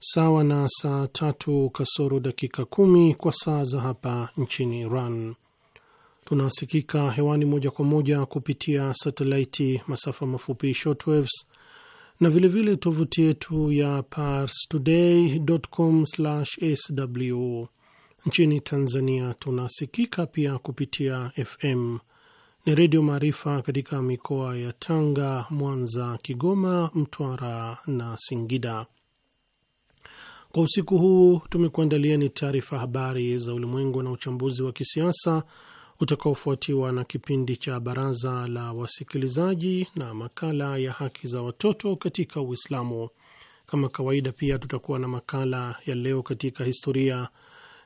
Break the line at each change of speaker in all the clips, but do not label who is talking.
sawa na saa tatu kasoro dakika kumi kwa saa za hapa nchini Iran. Tunasikika hewani moja kwa moja kupitia satelaiti, masafa mafupi shortwaves, na vilevile tovuti yetu ya pars today com sw Nchini Tanzania tunasikika pia kupitia FM ni Redio Maarifa katika mikoa ya Tanga, Mwanza, Kigoma, Mtwara na Singida. Kwa usiku huu tumekuandalia ni taarifa habari za ulimwengu na uchambuzi wa kisiasa utakaofuatiwa na kipindi cha baraza la wasikilizaji na makala ya haki za watoto katika Uislamu. Kama kawaida, pia tutakuwa na makala ya leo katika historia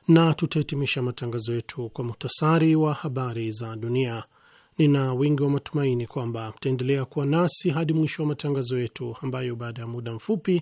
na tutahitimisha matangazo yetu kwa muhtasari wa habari za dunia. Nina wingi wa matumaini kwamba mtaendelea kuwa nasi hadi mwisho wa matangazo yetu ambayo baada ya muda mfupi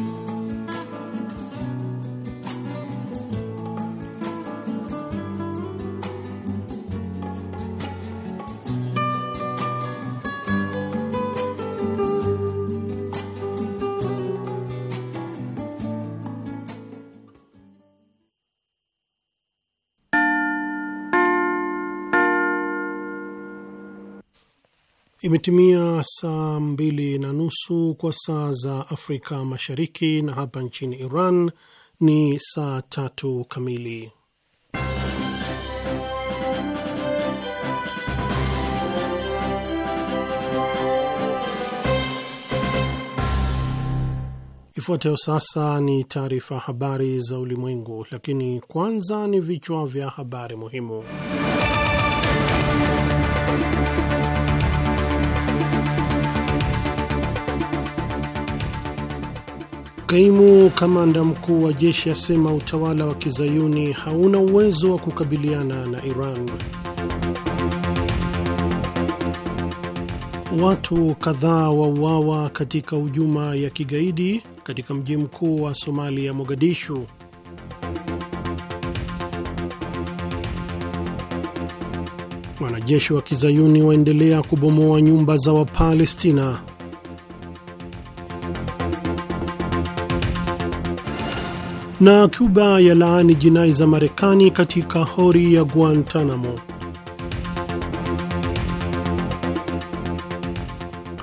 Imetimia saa mbili na nusu kwa saa za Afrika Mashariki, na hapa nchini Iran ni saa tatu kamili. Ifuatayo sasa ni taarifa habari za ulimwengu, lakini kwanza ni vichwa vya habari muhimu. Kaimu kamanda mkuu wa jeshi asema utawala wa kizayuni hauna uwezo wa kukabiliana na Iran. Watu kadhaa wauawa katika hujuma ya kigaidi katika mji mkuu wa Somalia, Mogadishu. Wanajeshi wa kizayuni waendelea kubomoa nyumba za Wapalestina na Cuba laani jinai za Marekani katika hori ya Guantanamo.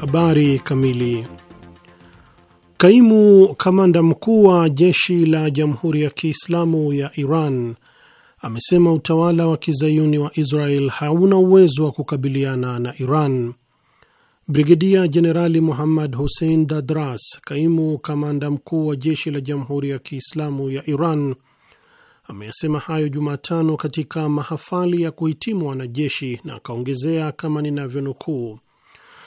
Habari kamili. Kaimu kamanda mkuu wa jeshi la Jamhuri ya Kiislamu ya Iran amesema utawala wa kizayuni wa Israel hauna uwezo wa kukabiliana na Iran. Brigedia Jenerali Muhammad Hussein Dadras, kaimu kamanda mkuu wa jeshi la Jamhuri ya Kiislamu ya Iran, ameyasema hayo Jumatano katika mahafali ya kuhitimu wanajeshi, na akaongezea kama ninavyonukuu,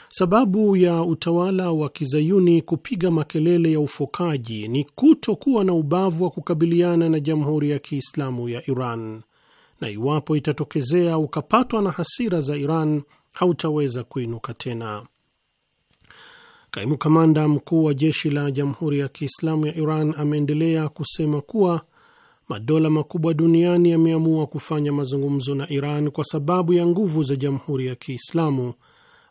sababu ya utawala wa kizayuni kupiga makelele ya ufokaji ni kutokuwa na ubavu wa kukabiliana na Jamhuri ya Kiislamu ya Iran, na iwapo itatokezea ukapatwa na hasira za Iran hautaweza kuinuka tena. Kaimu kamanda mkuu wa jeshi la Jamhuri ya Kiislamu ya Iran ameendelea kusema kuwa madola makubwa duniani yameamua kufanya mazungumzo na Iran kwa sababu ya nguvu za Jamhuri ya Kiislamu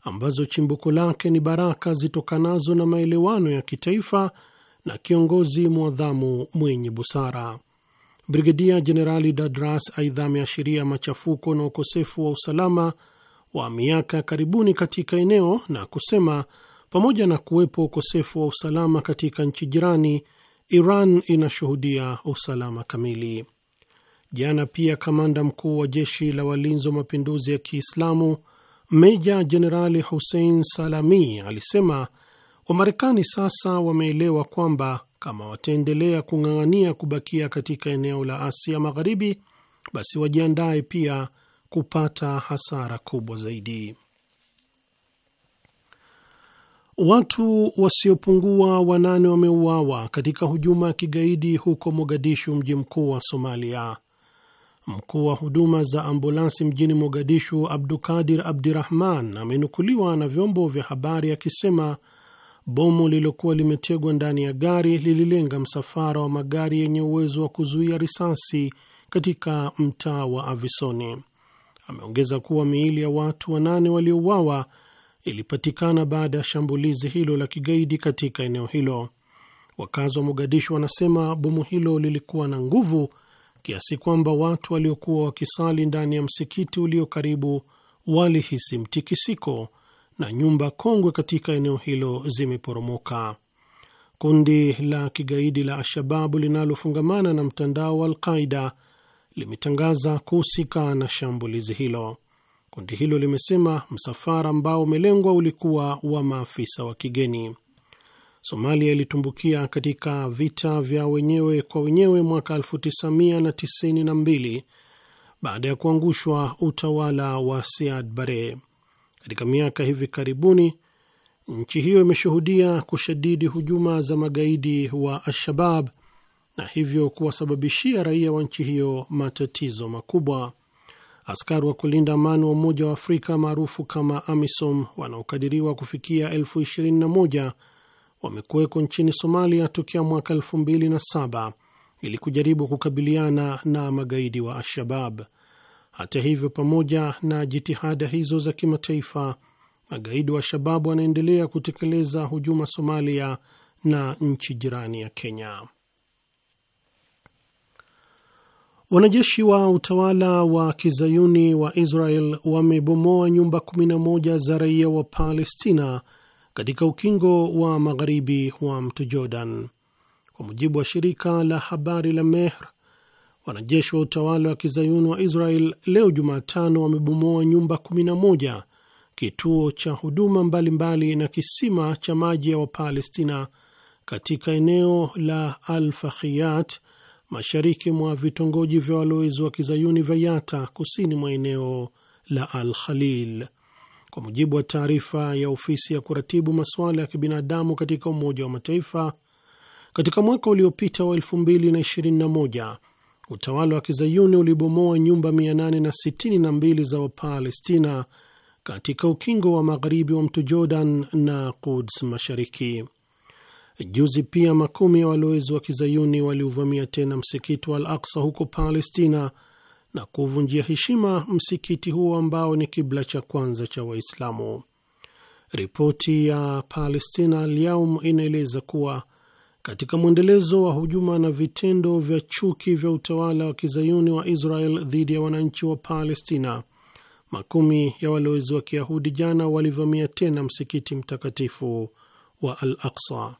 ambazo chimbuko lake ni baraka zitokanazo na maelewano ya kitaifa na kiongozi mwadhamu mwenye busara. Brigedia Jenerali Dadras aidha ameashiria machafuko na ukosefu wa usalama wa miaka karibuni katika eneo na kusema pamoja na kuwepo ukosefu wa usalama katika nchi jirani, Iran inashuhudia usalama kamili. Jana pia kamanda mkuu wa jeshi la walinzi wa mapinduzi ya Kiislamu meja jenerali Hussein Salami alisema Wamarekani sasa wameelewa kwamba kama wataendelea kung'ang'ania kubakia katika eneo la Asia Magharibi, basi wajiandaye pia kupata hasara kubwa zaidi. Watu wasiopungua wanane wameuawa katika hujuma ya kigaidi huko Mogadishu, mji mkuu wa Somalia. Mkuu wa huduma za ambulansi mjini Mogadishu, Abdukadir Abdirahman, amenukuliwa na vyombo vya habari akisema bomu lililokuwa limetegwa ndani ya gari lililenga msafara wa magari yenye uwezo wa kuzuia risasi katika mtaa wa Avisoni ameongeza kuwa miili ya watu wanane waliouawa ilipatikana baada ya shambulizi hilo la kigaidi katika eneo hilo. Wakazi wa Mogadishu wanasema bomu hilo lilikuwa na nguvu kiasi kwamba watu waliokuwa wakisali ndani ya msikiti ulio karibu walihisi mtikisiko na nyumba kongwe katika eneo hilo zimeporomoka. Kundi la kigaidi la Alshababu linalofungamana na mtandao wa Alqaida limetangaza kuhusika na shambulizi hilo. Kundi hilo limesema msafara ambao umelengwa ulikuwa wa maafisa wa kigeni. Somalia ilitumbukia katika vita vya wenyewe kwa wenyewe mwaka 1992 baada ya kuangushwa utawala wa Siad Barre. Katika miaka hivi karibuni, nchi hiyo imeshuhudia kushadidi hujuma za magaidi wa Al-Shabab na hivyo kuwasababishia raia wa nchi hiyo matatizo makubwa. Askari wa kulinda amani wa Umoja wa Afrika maarufu kama AMISOM wanaokadiriwa kufikia elfu ishirini na moja wamekuweko nchini Somalia tokea mwaka elfu mbili na saba ili kujaribu kukabiliana na magaidi wa Al-Shabab. Hata hivyo, pamoja na jitihada hizo za kimataifa, magaidi wa Shababu wanaendelea kutekeleza hujuma Somalia na nchi jirani ya Kenya. Wanajeshi wa utawala wa kizayuni wa Israel wamebomoa nyumba 11 za raia wa Palestina katika ukingo wa magharibi wa mto Jordan, kwa mujibu wa shirika la habari la Mehr. Wanajeshi wa utawala wa kizayuni wa Israel leo Jumatano wamebomoa nyumba 11, kituo cha huduma mbalimbali mbali na kisima cha maji ya Wapalestina katika eneo la Al Fakhiyat mashariki mwa vitongoji vya walowezi wa kizayuni vya yata kusini mwa eneo la Al Khalil. Kwa mujibu wa taarifa ya ofisi ya kuratibu masuala ya kibinadamu katika Umoja wa Mataifa, katika mwaka uliopita wa 2021 utawala wa kizayuni ulibomoa nyumba 862 za Wapalestina katika ukingo wa magharibi wa mto Jordan na Quds Mashariki. Juzi pia makumi ya walowezi wa kizayuni waliuvamia tena msikiti wa Al Aksa huko Palestina na kuvunjia heshima msikiti huo ambao ni kibla cha kwanza cha Waislamu. Ripoti ya Palestina Lyaum inaeleza kuwa katika mwendelezo wa hujuma na vitendo vya chuki vya utawala wa kizayuni wa Israel dhidi ya wananchi wa Palestina, makumi ya walowezi wa kiyahudi jana walivamia tena msikiti mtakatifu wa Al Aksa.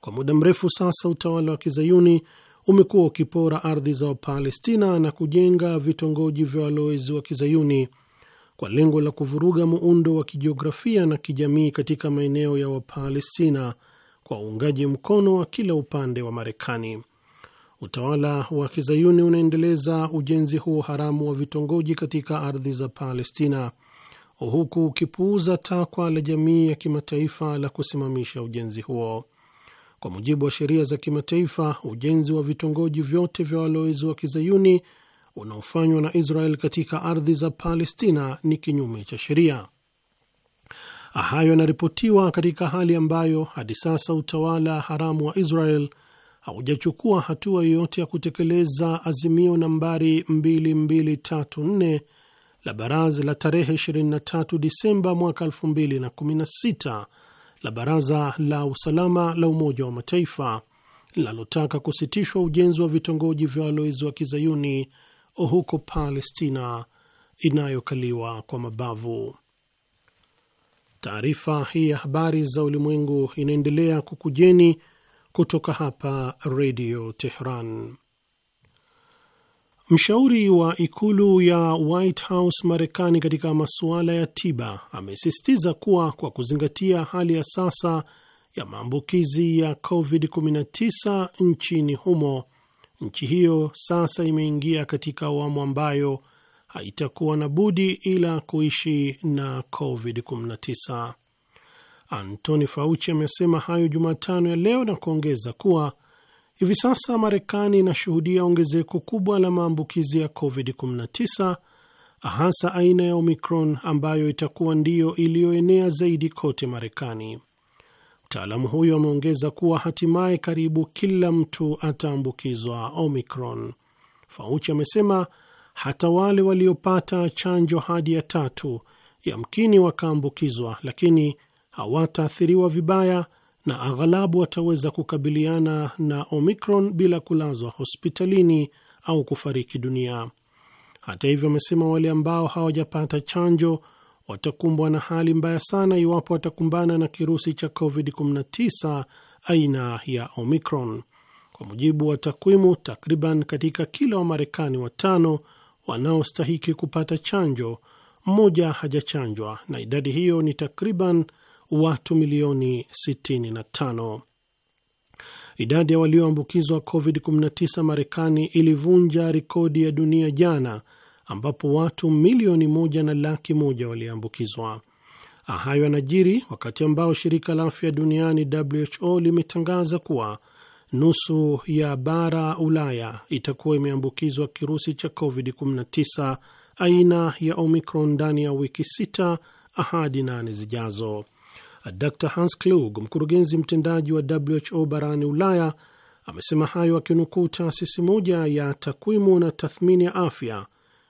Kwa muda mrefu sasa, utawala wa kizayuni umekuwa ukipora ardhi za Wapalestina na kujenga vitongoji vya walowezi wa kizayuni kwa lengo la kuvuruga muundo wa kijiografia na kijamii katika maeneo ya Wapalestina kwa uungaji mkono wa kila upande wa Marekani. Utawala wa kizayuni unaendeleza ujenzi huo haramu wa vitongoji katika ardhi za Palestina huku ukipuuza takwa la jamii ya kimataifa la kusimamisha ujenzi huo. Kwa mujibu wa sheria za kimataifa, ujenzi wa vitongoji vyote vya walowezi wa kizayuni unaofanywa na Israel katika ardhi za Palestina ni kinyume cha sheria. Hayo yanaripotiwa katika hali ambayo hadi sasa utawala haramu wa Israel haujachukua hatua yoyote ya kutekeleza azimio nambari 2234 la baraza la tarehe 23 Disemba mwaka 2016 la Baraza la Usalama la Umoja wa Mataifa linalotaka kusitishwa ujenzi wa vitongoji vya walowezi wa kizayuni huko Palestina inayokaliwa kwa mabavu. Taarifa hii ya habari za ulimwengu inaendelea kukujeni kutoka hapa Redio Tehran. Mshauri wa ikulu ya White House Marekani katika masuala ya tiba amesisitiza kuwa kwa kuzingatia hali ya sasa ya maambukizi ya COVID-19 nchini humo, nchi hiyo sasa imeingia katika awamu ambayo haitakuwa na budi ila kuishi na COVID-19. Anthony Fauci amesema hayo Jumatano ya leo na kuongeza kuwa Hivi sasa Marekani inashuhudia ongezeko kubwa la maambukizi ya COVID-19 hasa aina ya Omicron ambayo itakuwa ndiyo iliyoenea zaidi kote Marekani. Mtaalamu huyo ameongeza kuwa hatimaye karibu kila mtu ataambukizwa Omicron. Fauchi amesema hata wale waliopata chanjo hadi ya tatu yamkini wakaambukizwa, lakini hawataathiriwa vibaya na aghalabu wataweza kukabiliana na Omicron bila kulazwa hospitalini au kufariki dunia. Hata hivyo, amesema wale ambao hawajapata chanjo watakumbwa na hali mbaya sana iwapo watakumbana na kirusi cha COVID-19 aina ya Omicron. Kwa mujibu wa takwimu, takriban katika kila Wamarekani watano wanaostahiki kupata chanjo mmoja hajachanjwa, na idadi hiyo ni takriban watu milioni 65. Idadi ya walioambukizwa COVID-19 Marekani ilivunja rekodi ya dunia jana, ambapo watu milioni moja na laki moja waliambukizwa. Hayo yanajiri wakati ambao shirika la afya duniani WHO limetangaza kuwa nusu ya bara Ulaya itakuwa imeambukizwa kirusi cha COVID-19 aina ya Omicron ndani ya wiki sita ahadi nane zijazo. Dr Hans Klug, mkurugenzi mtendaji wa WHO barani Ulaya, amesema hayo akinukuu taasisi moja ya takwimu na tathmini ya afya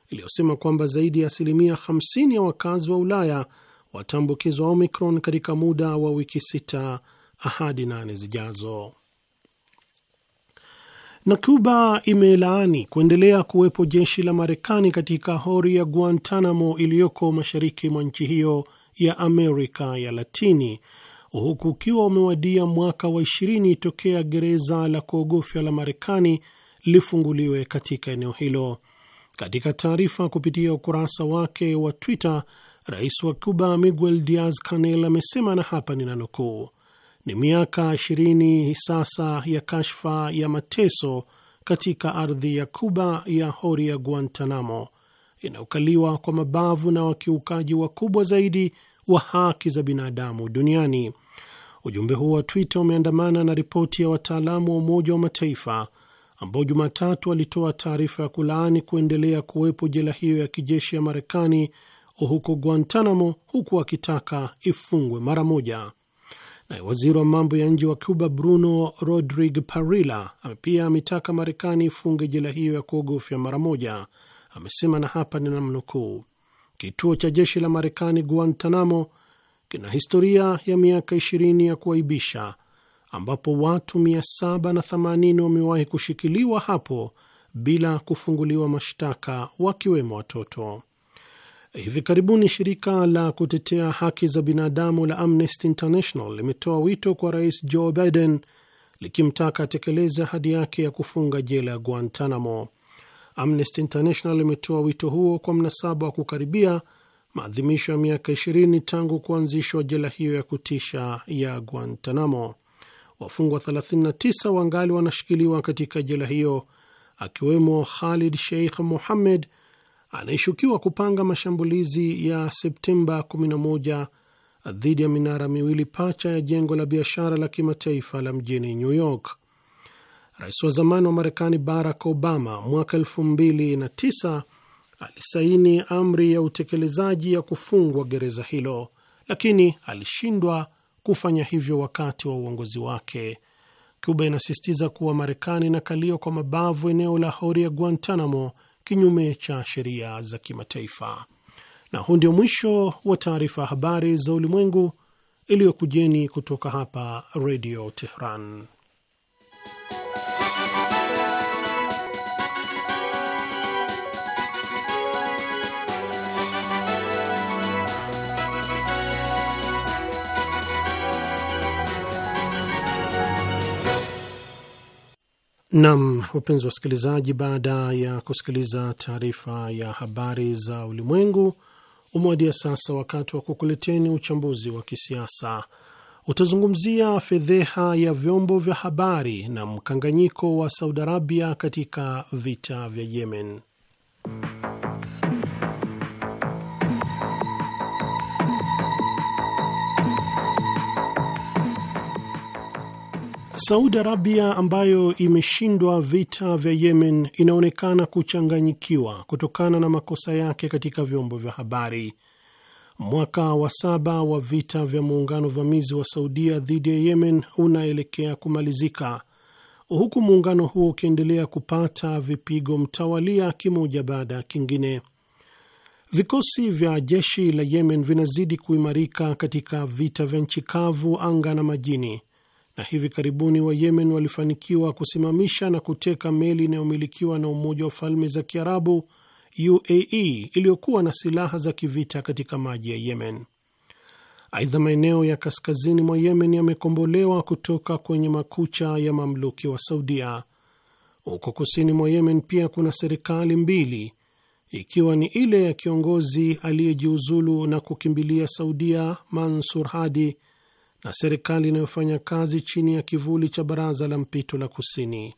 iliyosema kwamba zaidi ya asilimia 50 ya wakazi wa Ulaya wataambukizwa Omicron katika muda wa wiki sita hadi nane zijazo. Na Cuba imelaani kuendelea kuwepo jeshi la Marekani katika hori ya Guantanamo iliyoko mashariki mwa nchi hiyo ya Amerika ya Latini, huku ukiwa umewadia mwaka wa ishirini tokea gereza la kuogofya la Marekani lifunguliwe katika eneo hilo. Katika taarifa kupitia ukurasa wake wa Twitter, rais wa Cuba Miguel Diaz Canel amesema, na hapa ninanukuu: ni miaka ishirini sasa ya kashfa ya mateso katika ardhi ya Cuba ya hori ya Guantanamo inayokaliwa kwa mabavu na wakiukaji wakubwa zaidi wa haki za binadamu duniani. Ujumbe huo wa Twitter umeandamana na ripoti ya wataalamu wa Umoja wa Mataifa ambao Jumatatu walitoa taarifa ya kulaani kuendelea kuwepo jela hiyo ya kijeshi ya Marekani huko Guantanamo, huku akitaka ifungwe mara moja. Naye waziri wa mambo ya nje wa Cuba Bruno Rodrigue Parrilla pia ametaka Marekani ifunge jela hiyo ya kuogofya mara moja. Amesema na hapa ninamnukuu: Kituo cha jeshi la Marekani Guantanamo kina historia ya miaka 20 ya kuaibisha ambapo watu 780 wamewahi kushikiliwa hapo bila kufunguliwa mashtaka wakiwemo watoto. Hivi karibuni shirika la kutetea haki za binadamu la Amnesty International limetoa wito kwa Rais Joe Biden likimtaka atekeleze ahadi yake ya kufunga jela ya Guantanamo. Amnesty International imetoa wito huo kwa mnasaba wa kukaribia maadhimisho ya miaka 20 tangu kuanzishwa jela hiyo ya kutisha ya Guantanamo. Wafungwa 39 wangali wanashikiliwa katika jela hiyo, akiwemo Khalid Sheikh Mohammed anayeshukiwa kupanga mashambulizi ya Septemba 11 dhidi ya minara miwili pacha ya jengo la biashara la kimataifa la mjini New York. Rais wa zamani wa Marekani Barack Obama mwaka 2009 alisaini amri ya utekelezaji ya kufungwa gereza hilo, lakini alishindwa kufanya hivyo wakati wa uongozi wake. Cuba inasisitiza kuwa Marekani inakalia kwa mabavu eneo la horia Guantanamo kinyume cha sheria za kimataifa. Na huu ndio mwisho wa taarifa ya habari za ulimwengu iliyokujeni kutoka hapa Redio Tehran. Nam, wapenzi wasikilizaji, baada ya kusikiliza taarifa ya habari za ulimwengu, umewadia sasa wakati wa kukuleteni uchambuzi wa kisiasa. Utazungumzia fedheha ya vyombo vya habari na mkanganyiko wa Saudi Arabia katika vita vya Yemen. Saudi Arabia ambayo imeshindwa vita vya Yemen inaonekana kuchanganyikiwa kutokana na makosa yake katika vyombo vya habari. Mwaka wa saba wa vita vya muungano vamizi wa Saudia dhidi ya Yemen unaelekea kumalizika huku muungano huo ukiendelea kupata vipigo mtawalia kimoja baada ya kingine. Vikosi vya jeshi la Yemen vinazidi kuimarika katika vita vya nchi kavu, anga na majini na hivi karibuni wa yemen walifanikiwa kusimamisha na kuteka meli inayomilikiwa na Umoja wa Falme za Kiarabu UAE iliyokuwa na silaha za kivita katika maji ya Yemen. Aidha, maeneo ya kaskazini mwa Yemen yamekombolewa kutoka kwenye makucha ya mamluki wa Saudia. Huko kusini mwa Yemen pia kuna serikali mbili, ikiwa ni ile ya kiongozi aliyejiuzulu na kukimbilia Saudia Mansur Hadi na serikali inayofanya kazi chini ya kivuli cha Baraza la Mpito la Kusini,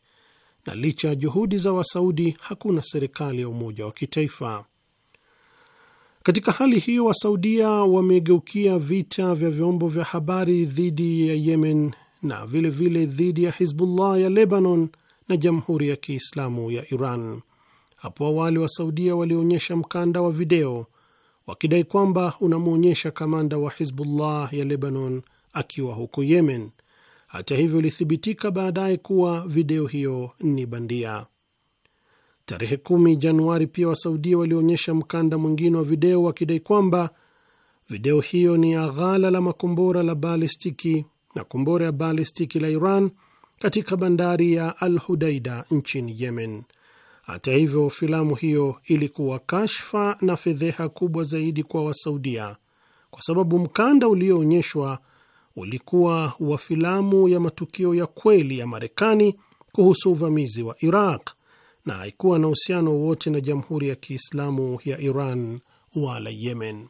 na licha ya juhudi za Wasaudi hakuna serikali ya umoja wa kitaifa. Katika hali hiyo, Wasaudia wamegeukia vita vya vyombo vya habari dhidi ya Yemen na vilevile dhidi ya Hizbullah ya Lebanon na Jamhuri ya Kiislamu ya Iran. Hapo awali Wasaudia walionyesha mkanda wa video wakidai kwamba unamwonyesha kamanda wa Hizbullah ya Lebanon akiwa huko Yemen. Hata hivyo, ilithibitika baadaye kuwa video hiyo ni bandia. Tarehe 1 Januari pia Wasaudia walionyesha mkanda mwingine wa video wakidai kwamba video hiyo ni ya ghala la makombora la balistiki na kombora ya balistiki la Iran katika bandari ya Al Hudaida nchini Yemen. Hata hivyo, filamu hiyo ilikuwa kashfa na fedheha kubwa zaidi kwa Wasaudia kwa sababu mkanda ulioonyeshwa ulikuwa wa filamu ya matukio ya kweli ya Marekani kuhusu uvamizi wa Iraq na haikuwa na uhusiano wowote na Jamhuri ya Kiislamu ya Iran wala Yemen.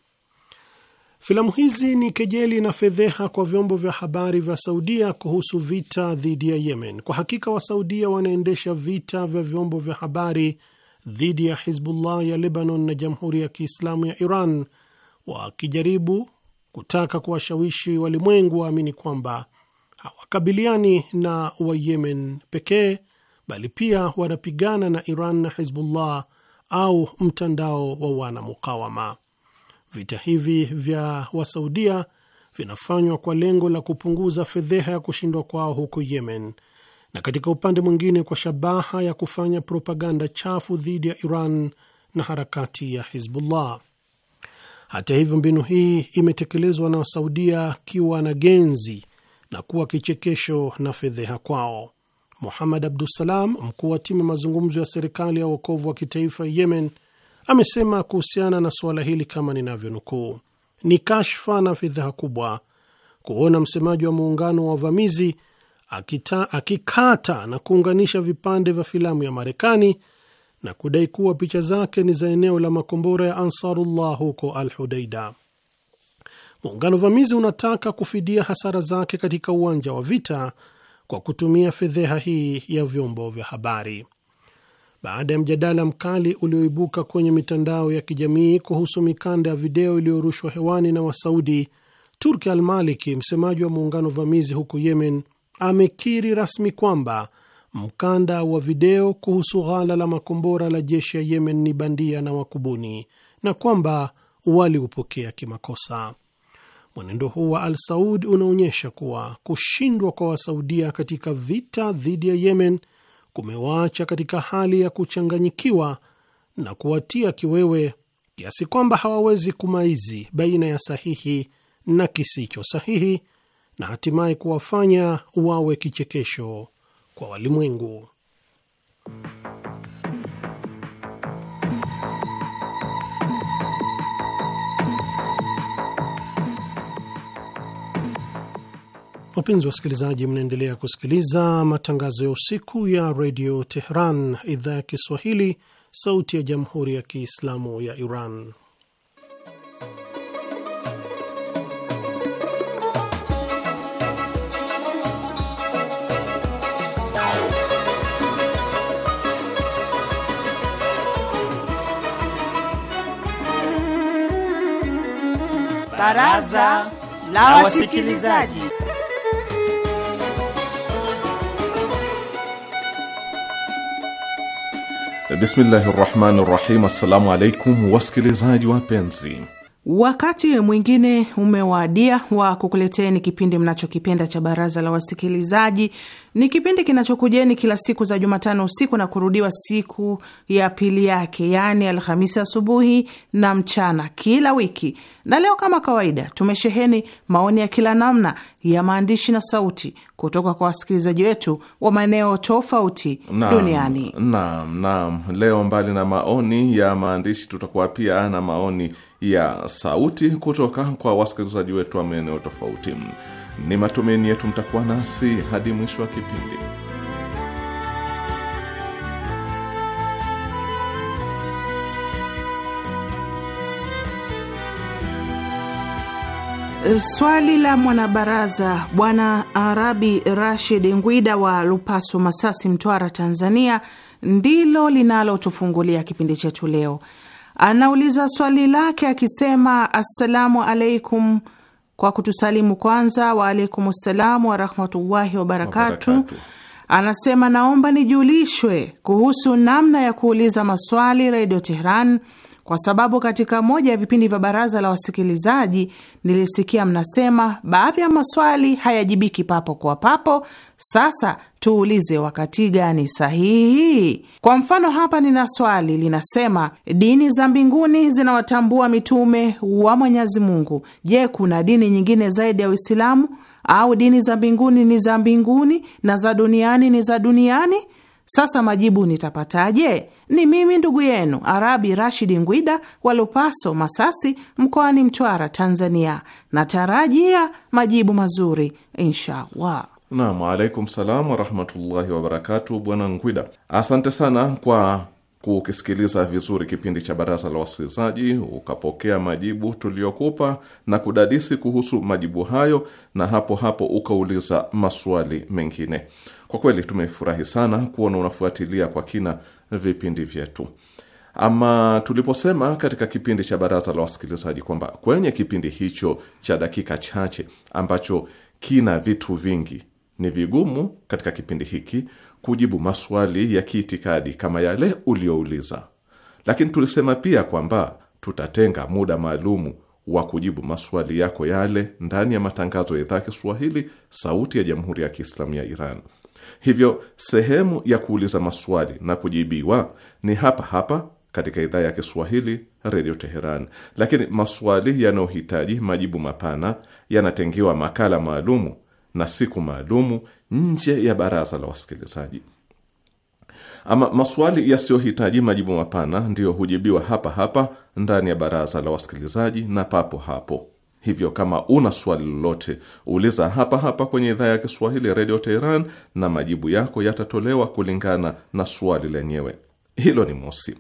Filamu hizi ni kejeli na fedheha kwa vyombo vya habari vya Saudia kuhusu vita dhidi ya Yemen. Kwa hakika, Wasaudia wanaendesha vita vya vyombo vya habari dhidi ya Hizbullah ya Lebanon na Jamhuri ya Kiislamu ya Iran wakijaribu kutaka kuwashawishi walimwengu waamini kwamba hawakabiliani na Wayemen pekee bali pia wanapigana na Iran na Hizbullah au mtandao wa wanamukawama. Vita hivi vya Wasaudia vinafanywa kwa lengo la kupunguza fedheha ya kushindwa kwao huko Yemen, na katika upande mwingine kwa shabaha ya kufanya propaganda chafu dhidi ya Iran na harakati ya Hizbullah. Hata hivyo, mbinu hii imetekelezwa na Wasaudia kiwa na genzi na kuwa kichekesho na fedheha kwao. Muhamad Abdusalam, mkuu wa timu ya mazungumzo ya serikali ya uokovu wa kitaifa Yemen, amesema kuhusiana na suala hili kama ninavyonukuu: ni kashfa na fedheha kubwa kuona msemaji wa muungano wa wavamizi akikata na kuunganisha vipande vya filamu ya Marekani na kudai kuwa picha zake ni za eneo la makombora ya Ansarullah huko Al Hudaida. Muungano vamizi unataka kufidia hasara zake katika uwanja wa vita kwa kutumia fedheha hii ya vyombo vya habari. Baada ya mjadala mkali ulioibuka kwenye mitandao ya kijamii kuhusu mikanda ya video iliyorushwa hewani na Wasaudi, Turki Al Maliki, msemaji wa muungano vamizi huko Yemen, amekiri rasmi kwamba mkanda wa video kuhusu ghala la makombora la jeshi ya Yemen ni bandia na wakubuni na kwamba waliupokea kimakosa. Mwenendo huu wa Al Saud unaonyesha kuwa kushindwa kwa Wasaudia katika vita dhidi ya Yemen kumewaacha katika hali ya kuchanganyikiwa na kuwatia kiwewe kiasi kwamba hawawezi kumaizi baina ya sahihi na kisicho sahihi na hatimaye kuwafanya wawe kichekesho kwa walimwengu. Wapenzi wasikilizaji, mnaendelea kusikiliza matangazo ya usiku ya redio Tehran, idhaa ya Kiswahili, sauti ya jamhuri ya kiislamu ya Iran.
Baraza la Wasikilizaji.
Bismillahi rahmani rahim. Assalamu alaikum wasikilizaji wapenzi
Wakati mwingine umewadia wa kukuleteni kipindi mnachokipenda cha baraza la wasikilizaji. Ni kipindi kinachokujeni kila siku za Jumatano usiku na kurudiwa siku ya pili yake, yaani Alhamisi asubuhi na mchana kila wiki. Na leo kama kawaida, tumesheheni maoni ya kila namna ya maandishi na sauti kutoka kwa wasikilizaji wetu wa maeneo tofauti duniani.
Naam, naam, leo mbali na maoni ya maandishi, tutakuwa pia na maoni ya sauti kutoka kwa wasikilizaji wetu wa maeneo tofauti. Ni matumaini yetu mtakuwa nasi hadi mwisho wa kipindi.
Swali la mwanabaraza Bwana Arabi Rashid Ngwida wa Lupaso, Masasi, Mtwara, Tanzania ndilo linalotufungulia kipindi chetu leo anauliza swali lake akisema, assalamu alaikum, kwa kutusalimu kwanza. Waalaikum ssalamu warahmatullahi wabarakatu. Anasema, naomba nijulishwe kuhusu namna ya kuuliza maswali Redio Tehran kwa sababu katika moja ya vipindi vya baraza la wasikilizaji nilisikia mnasema baadhi ya maswali hayajibiki papo kwa papo. Sasa tuulize wakati gani sahihi? Kwa mfano, hapa nina swali linasema, dini za mbinguni zinawatambua mitume wa Mwenyezi Mungu. Je, kuna dini nyingine zaidi ya Uislamu au dini za mbinguni ni za mbinguni na za duniani ni za duniani? Sasa majibu nitapataje? Ni mimi ndugu yenu Arabi Rashidi Ngwida wa Lupaso, Masasi, mkoani Mtwara, Tanzania. Natarajia majibu mazuri inshallah.
Naam, alaikum salam warahmatullahi wabarakatu. Bwana Ngwida, asante sana kwa kukisikiliza vizuri kipindi cha Baraza la Wasikilizaji, ukapokea majibu tuliyokupa na kudadisi kuhusu majibu hayo, na hapo hapo ukauliza maswali mengine. Kwa kweli tumefurahi sana kuona unafuatilia kwa kina vipindi vyetu. Ama tuliposema katika kipindi cha baraza la wasikilizaji kwamba kwenye kipindi hicho cha dakika chache ambacho kina vitu vingi, ni vigumu katika kipindi hiki kujibu maswali ya kiitikadi kama yale uliouliza lakini tulisema pia kwamba tutatenga muda maalumu wa kujibu maswali yako yale ndani ya matangazo ya idhaa Kiswahili, sauti ya jamhuri ya kiislamu ya Iran. Hivyo sehemu ya kuuliza maswali na kujibiwa ni hapa hapa katika idhaa ya Kiswahili Redio Teheran, lakini maswali yanayohitaji majibu mapana yanatengiwa makala maalumu na siku maalumu nje ya baraza la wasikilizaji. Ama maswali yasiyohitaji majibu mapana ndiyo hujibiwa hapa hapa ndani ya baraza la wasikilizaji na papo hapo. Hivyo kama una swali lolote, uliza hapa hapa kwenye idhaa ya Kiswahili Redio Teheran, na majibu yako yatatolewa kulingana na swali lenyewe. Hilo ni mosi.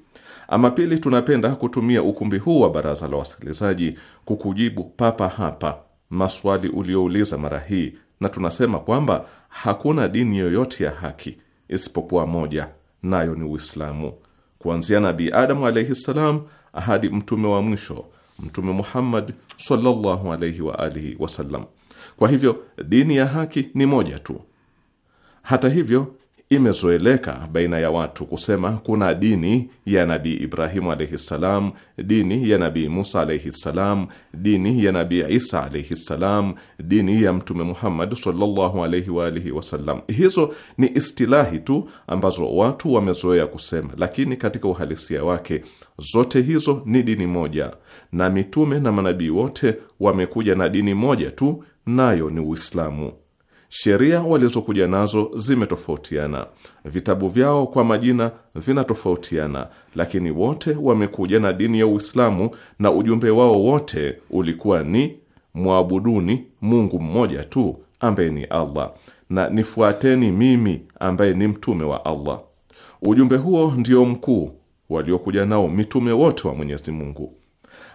Ama pili, tunapenda kutumia ukumbi huu wa baraza la wasikilizaji kukujibu papa hapa maswali uliouliza mara hii, na tunasema kwamba hakuna dini yoyote ya haki isipokuwa moja, nayo ni Uislamu. Kuanzia Nabii Adamu alaihi ssalam hadi mtume wa mwisho Mtume Muhammad sallallahu alaihi wa alihi wasallam. Kwa hivyo dini ya haki ni moja tu. Hata hivyo Imezoeleka baina ya watu kusema kuna dini ya Nabii Ibrahimu alaihi ssalam, dini ya Nabii Musa alaihi ssalam, dini ya Nabii Isa alaihi ssalam, dini ya Mtume Muhammad sallallahu alaihi wa alihi wasallam. Hizo ni istilahi tu ambazo watu wamezoea kusema, lakini katika uhalisia wake zote hizo ni dini moja, na mitume na manabii wote wamekuja na dini moja tu, nayo ni Uislamu sheria walizokuja nazo zimetofautiana, vitabu vyao kwa majina vinatofautiana, lakini wote wamekuja na dini ya Uislamu na ujumbe wao wote ulikuwa ni mwabuduni Mungu mmoja tu ambaye ni Allah na nifuateni mimi ambaye ni mtume wa Allah. Ujumbe huo ndio mkuu waliokuja nao mitume wote wa Mwenyezi Mungu.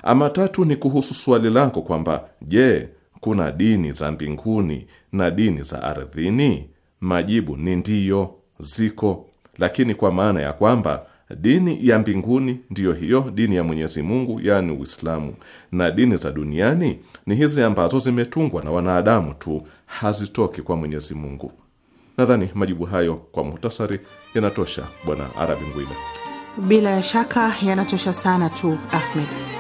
Ama tatu ni kuhusu swali lako kwamba je, kuna dini za mbinguni na dini za ardhini? Majibu ni ndiyo, ziko, lakini kwa maana ya kwamba dini ya mbinguni ndiyo hiyo dini ya Mwenyezi Mungu, yaani Uislamu, na dini za duniani ni hizi ambazo zimetungwa na wanadamu tu, hazitoki kwa Mwenyezi Mungu. Nadhani majibu hayo kwa muhtasari yanatosha, Bwana Arabi Ngwila.
Bila shaka yanatosha sana tu, Ahmed.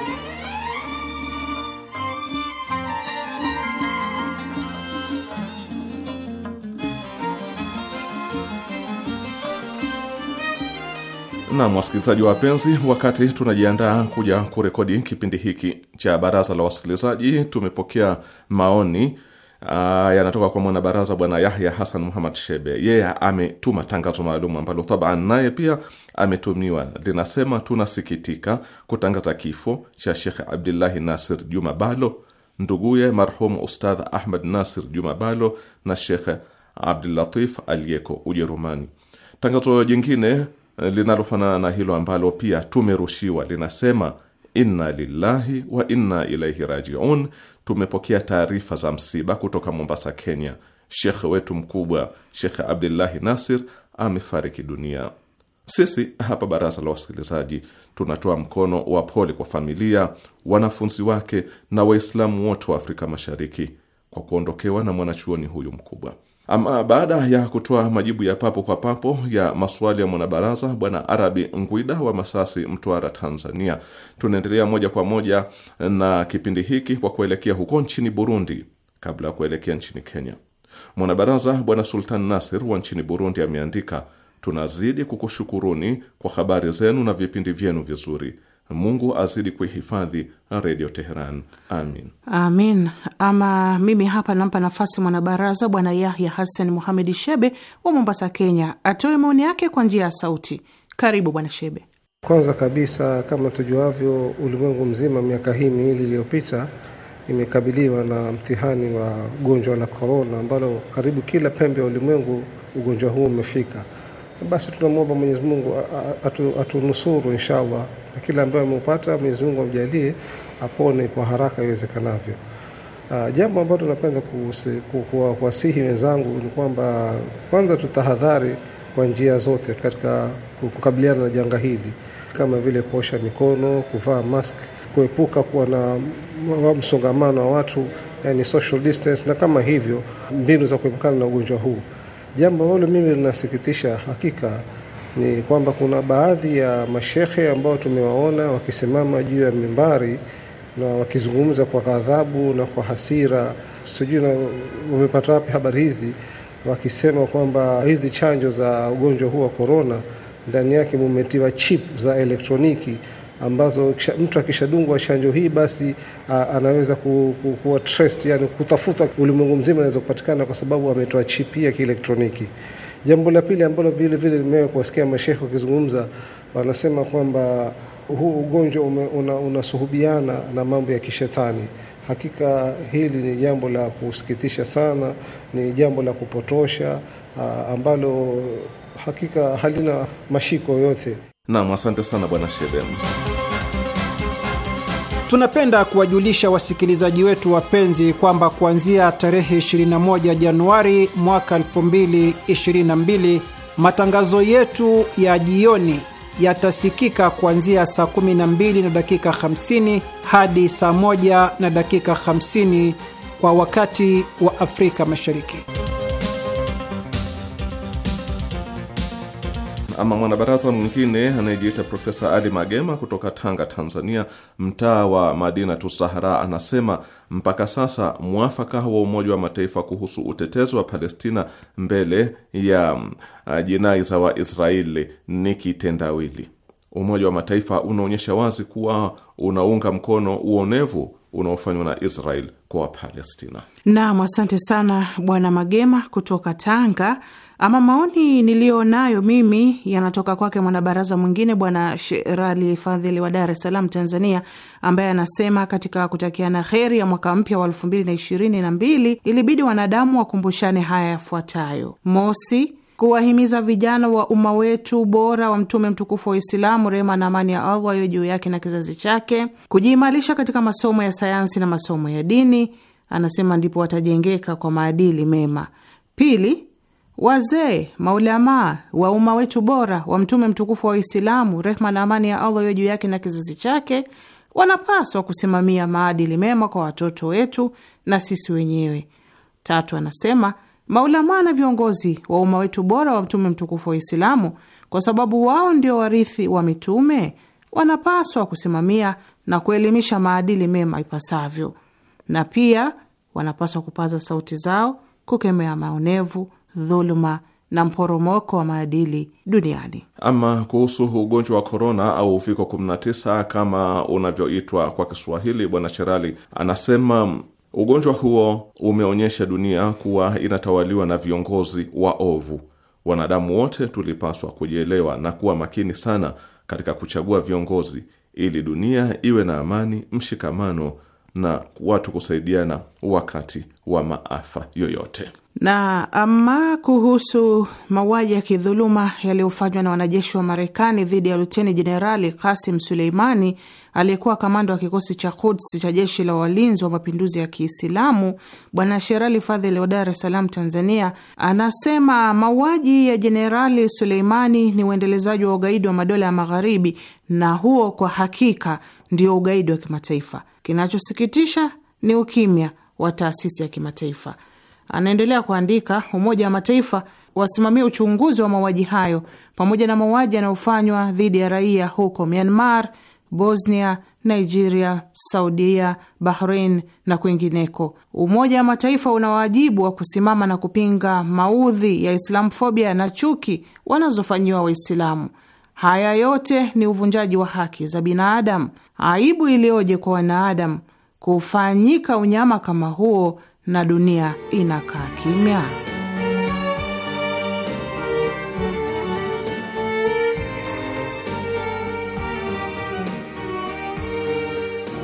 na wasikilizaji wapenzi, wakati tunajiandaa kuja kurekodi kipindi hiki cha baraza la wasikilizaji, tumepokea maoni Uh, yanatoka kwa mwanabaraza Bwana Yahya Hasan Muhammad Shebe. Yeye yeah, ametuma tangazo maalum ambalo taban naye pia ametumiwa, linasema: tunasikitika kutangaza kifo cha Shekh Abdullahi Nasir Juma Balo, nduguye marhum Ustadh Ahmad Nasir Juma Balo na Shekh Abdulatif aliyeko Ujerumani. Tangazo jingine Eh, linalofanana na hilo ambalo pia tumerushiwa linasema inna lillahi wa inna ilaihi rajiun. Tumepokea taarifa za msiba kutoka Mombasa, Kenya. Shekhe wetu mkubwa Shekhe Abdullahi Nasir amefariki dunia. Sisi hapa Baraza la Wasikilizaji tunatoa mkono wa pole kwa familia, wanafunzi wake na Waislamu wote wa Afrika Mashariki kwa kuondokewa na mwanachuoni huyu mkubwa. Ama baada ya kutoa majibu ya papo kwa papo ya maswali ya mwanabaraza Bwana Arabi Ngwida wa Masasi, Mtwara, Tanzania, tunaendelea moja kwa moja na kipindi hiki kwa kuelekea huko nchini Burundi kabla ya kuelekea nchini Kenya. Mwanabaraza Bwana Sultan Nasir wa nchini Burundi ameandika, tunazidi kukushukuruni kwa habari zenu na vipindi vyenu vizuri Mungu azidi kuihifadhi Redio Teheran. Amin,
amin. Ama mimi hapa nampa nafasi mwanabaraza Bwana Yahya Hassan Muhamedi Shebe wa Mombasa, Kenya, atoe maoni yake kwa njia ya sauti. Karibu Bwana Shebe.
Kwanza kabisa, kama tujuavyo, ulimwengu mzima miaka hii miwili iliyopita imekabiliwa na mtihani wa ugonjwa la korona, ambalo karibu kila pembe ya ulimwengu ugonjwa huu umefika basi tunamwomba Mwenyezi Mungu atunusuru atu insha Allah, na kila ambayo ameupata Mwenyezi Mungu amjalie apone kwa haraka iwezekanavyo. Jambo ambalo tunapenda kuwasihi wenzangu ni kwamba kwanza tutahadhari kwa njia zote katika kukabiliana na janga hili, kama vile kuosha mikono, kuvaa mask, kuepuka kuwa na msongamano wa watu, yani social distance, na kama hivyo mbinu za kuepukana na ugonjwa huu. Jambo ambalo mimi linasikitisha hakika ni kwamba kuna baadhi ya mashekhe ambao tumewaona wakisimama juu ya mimbari na wakizungumza kwa ghadhabu na kwa hasira, sijui na wapi habari hizi, wakisema kwamba hizi chanjo za ugonjwa huu wa korona ndani yake mumetiwa chip za elektroniki ambazo mtu akishadungwa chanjo hii basi a, anaweza ku, ku, kuwa traced, yani kutafuta ulimwengu mzima, anaweza kupatikana kwa sababu ametoa chip ya kielektroniki. Jambo la pili ambalo vile vile nimewahi kuwasikia mashehe wakizungumza, wanasema kwamba huu ugonjwa unasuhubiana una na mambo ya kishetani. Hakika hili ni jambo la kusikitisha sana, ni jambo la kupotosha a, ambalo hakika halina mashiko yote
Nam, asante sana bwana Shelem.
Tunapenda
kuwajulisha wasikilizaji wetu wapenzi kwamba kuanzia tarehe 21 Januari mwaka 2022 matangazo yetu ya jioni yatasikika kuanzia saa 12 na dakika 50 hadi saa 1 na dakika 50 kwa wakati wa Afrika Mashariki.
Ama mwanabaraza mwingine anayejiita Profesa Ali Magema kutoka Tanga, Tanzania, mtaa wa Madina Tusahara, anasema mpaka sasa mwafaka wa Umoja wa Mataifa kuhusu utetezi wa Palestina mbele ya uh, jinai za Waisraeli ni kitendawili. Umoja wa Mataifa unaonyesha wazi kuwa unaunga mkono uonevu unaofanywa na Israel kwa Wapalestina.
Naam, asante sana Bwana Magema kutoka Tanga. Ama maoni niliyo nayo mimi yanatoka kwake mwanabaraza mwingine Bwana Sherali Fadhili wa Dar es Salaam, Tanzania, ambaye anasema katika kutakiana heri ya mwaka mpya wa elfu mbili na ishirini na mbili ilibidi wanadamu wakumbushane haya yafuatayo: mosi, kuwahimiza vijana wa umma wetu bora wa Mtume mtukufu wa Uislamu, rehema na amani ya Allah iwe juu yake na kizazi chake, kujiimarisha katika masomo ya sayansi na masomo ya dini. Anasema ndipo watajengeka kwa maadili mema. Pili, wazee maulamaa wa umma wetu bora wa mtume mtukufu wa Uislamu, rehma na amani ya Allah iwe juu yake na kizazi chake, wanapaswa kusimamia maadili mema kwa watoto wetu na sisi wenyewe. Tatu, anasema maulamaa na viongozi wa umma wetu bora wa mtume mtukufu wa Uislamu, kwa sababu wao ndio warithi wa mitume, wanapaswa kusimamia na kuelimisha maadili mema ipasavyo, na pia wanapaswa kupaza sauti zao kukemea maonevu dhuluma na mporomoko wa maadili duniani.
Ama kuhusu ugonjwa wa korona au uviko 19 kama unavyoitwa kwa Kiswahili, Bwana Sherali anasema ugonjwa huo umeonyesha dunia kuwa inatawaliwa na viongozi wa ovu Wanadamu wote tulipaswa kujielewa na kuwa makini sana katika kuchagua viongozi, ili dunia iwe na amani, mshikamano na watu kusaidiana wakati wa maafa yoyote.
Na ama kuhusu mauaji ya kidhuluma yaliyofanywa na wanajeshi wa Marekani dhidi ya Luteni Jenerali Kasim Suleimani aliyekuwa kamanda wa kikosi cha Kuds cha jeshi la walinzi wa mapinduzi ya Kiislamu, Bwana Sherali Fadhili wa Dar es Salaam, Tanzania, anasema mauaji ya Jenerali Suleimani ni uendelezaji wa ugaidi wa madola ya Magharibi, na huo kwa hakika ndio ugaidi wa kimataifa. Kinachosikitisha ni ukimya wa taasisi ya kimataifa. Anaendelea kuandika, Umoja wa Mataifa wasimamia uchunguzi wa mauaji hayo pamoja na mauaji yanayofanywa dhidi ya raia huko Myanmar, Bosnia, Nigeria, Saudia, Bahrain na kwingineko. Umoja wa Mataifa una wajibu wa kusimama na kupinga maudhi ya islamfobia na chuki wanazofanyiwa Waislamu. Haya yote ni uvunjaji wa haki za binadamu. Aibu iliyoje kwa wanadamu kufanyika unyama kama huo, na dunia inakaa kimya.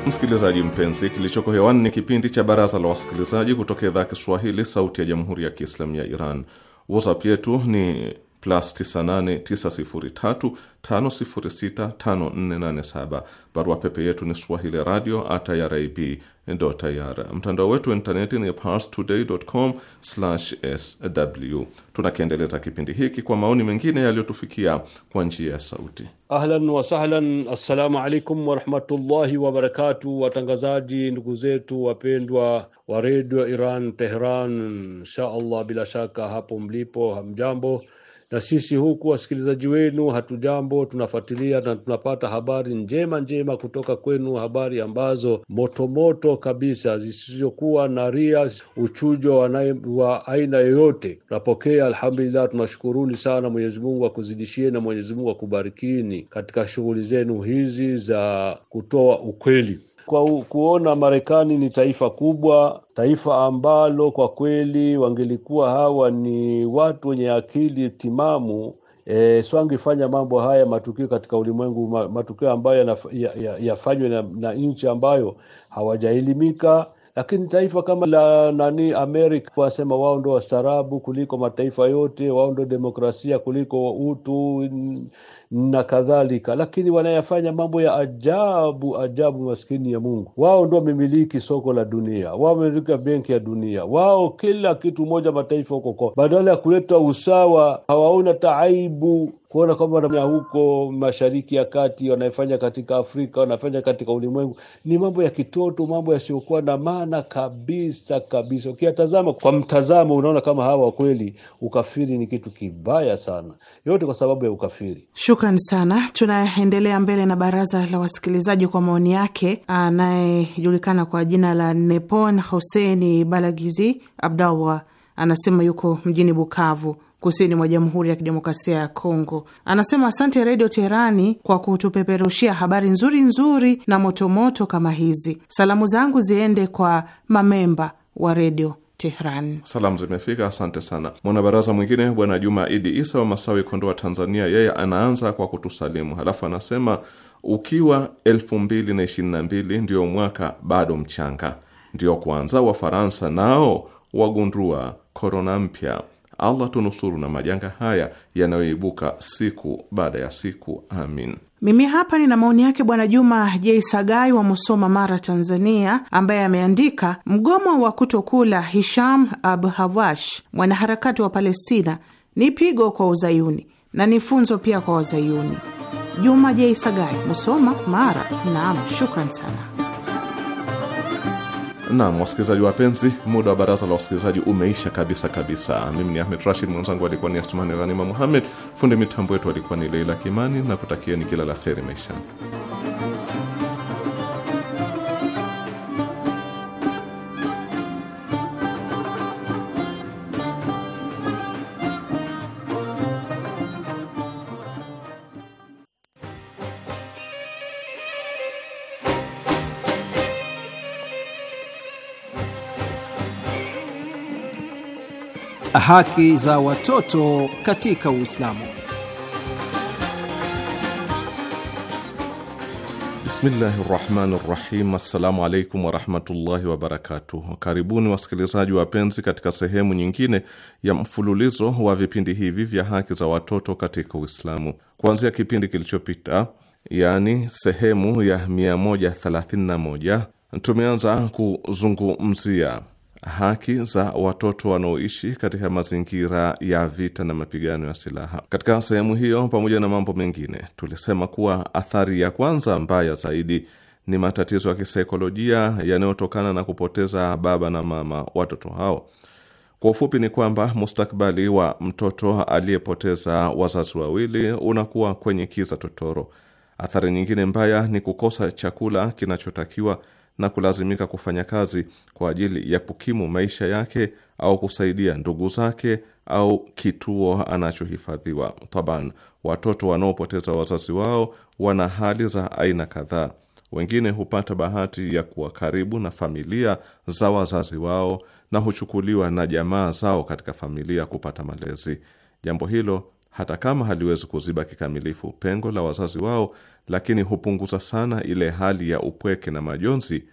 Msikilizaji mpenzi, kilichoko hewani ni kipindi cha Baraza la Wasikilizaji kutoka idhaa ya Kiswahili, Sauti ya Jamhuri ya Kiislamu ya Iran. WhatsApp yetu ni plus 989035065487. Barua pepe yetu ni swahili radio at irib Mtandao wetu wa intaneti ni parstoday.com sw. Tunakiendeleza kipindi hiki kwa maoni mengine yaliyotufikia kwa njia ya sauti.
Ahlan wasahlan, assalamu alaikum warahmatullahi wabarakatu. Watangazaji ndugu zetu wapendwa wa redio Iran Tehran, insha allah, bila shaka hapo mlipo hamjambo na sisi huku wasikilizaji wenu hatujambo, tunafuatilia na tunapata habari njema njema kutoka kwenu, habari ambazo motomoto moto kabisa zisizokuwa na ria, uchujo wa aina yoyote tunapokea. Alhamdulillah, tunashukuruni sana. Mwenyezi Mungu akuzidishie na Mwenyezi Mungu akubarikini katika shughuli zenu hizi za kutoa ukweli kwa kuona Marekani ni taifa kubwa, taifa ambalo kwa kweli wangelikuwa hawa ni watu wenye akili timamu E, swangifanya mambo haya matukio katika ulimwengu, matukio ambayo yafanywe ya, ya na, na nchi ambayo hawajaelimika. Lakini taifa kama la nani Amerika wasema wao ndo wastaarabu kuliko mataifa yote, wao ndo demokrasia kuliko utu na kadhalika, lakini wanayafanya mambo ya ajabu ajabu. Maskini ya Mungu, wao ndo wamemiliki soko la dunia, wao wamemiliki benki ya dunia, wao kila kitu moja, mataifa huko badala ya kuleta usawa hawaona taaibu kuona kwamba wanafanya huko Mashariki ya Kati, wanaefanya katika Afrika, wanafanya katika ulimwengu, ni mambo ya kitoto, mambo yasiyokuwa na maana kabisa kabisa. Ukiyatazama kwa mtazamo, unaona kama hawa kweli, ukafiri ni kitu kibaya sana, yote kwa sababu ya ukafiri.
Shukran sana. Tunaendelea mbele na baraza la wasikilizaji kwa maoni yake, anayejulikana kwa jina la Nepon Huseni Balagizi Abdallah anasema yuko mjini Bukavu kusini mwa Jamhuri ya Kidemokrasia ya Kongo. Anasema asante Redio Teherani kwa kutupeperushia habari nzuri nzuri na motomoto moto kama hizi. Salamu zangu ziende kwa mamemba wa Redio Tehran.
Salamu zimefika, asante sana. Mwanabaraza mwingine Bwana Juma Idi Isa wa Masawi, Kondoa, Tanzania, yeye anaanza kwa kutusalimu, halafu anasema ukiwa elfu mbili na ishirini na mbili ndio mwaka bado mchanga, ndio kwanza Wafaransa nao wagundua korona mpya Allah tunusuru na majanga haya yanayoibuka siku baada ya siku, amin.
Mimi hapa nina maoni yake Bwana Juma J Sagai wa Musoma, Mara, Tanzania, ambaye ameandika mgomo wa kutokula Hisham Abu Hawash, mwanaharakati wa Palestina, ni pigo kwa Uzayuni na ni funzo pia kwa Wazayuni. Juma J Sagai, Musoma, Mara. Naam, shukran sana.
Naam, wasikilizaji wapenzi, muda wa baraza la wasikilizaji umeisha kabisa kabisa. Mimi ni Ahmed Rashid, mwenzangu alikuwa ni Asmani Ghanima Muhamed, fundi mitambo wetu alikuwa ni Leila Kimani, na kutakieni kila la kheri maishani.
Haki za watoto katika Uislamu.
Bismillahi rahmani rahim. Assalamu alaikum warahmatullahi wabarakatuh. Karibuni wasikilizaji wapenzi, katika sehemu nyingine ya mfululizo wa vipindi hivi vya haki za watoto katika Uislamu. Kuanzia kipindi kilichopita, yaani sehemu ya 131, tumeanza kuzungumzia haki za watoto wanaoishi katika mazingira ya vita na mapigano ya silaha. Katika sehemu hiyo, pamoja na mambo mengine, tulisema kuwa athari ya kwanza mbaya zaidi ni matatizo ya kisaikolojia yanayotokana na kupoteza baba na mama watoto hao. Kwa ufupi ni kwamba mustakbali wa mtoto aliyepoteza wazazi wawili unakuwa kwenye kiza totoro. Athari nyingine mbaya ni kukosa chakula kinachotakiwa na kulazimika kufanya kazi kwa ajili ya kukimu maisha yake au kusaidia ndugu zake au kituo anachohifadhiwa. Taban, watoto wanaopoteza wazazi wao wana hali za aina kadhaa. Wengine hupata bahati ya kuwa karibu na familia za wazazi wao na huchukuliwa na jamaa zao katika familia kupata malezi. Jambo hilo hata kama haliwezi kuziba kikamilifu pengo la wazazi wao lakini hupunguza sana ile hali ya upweke na majonzi,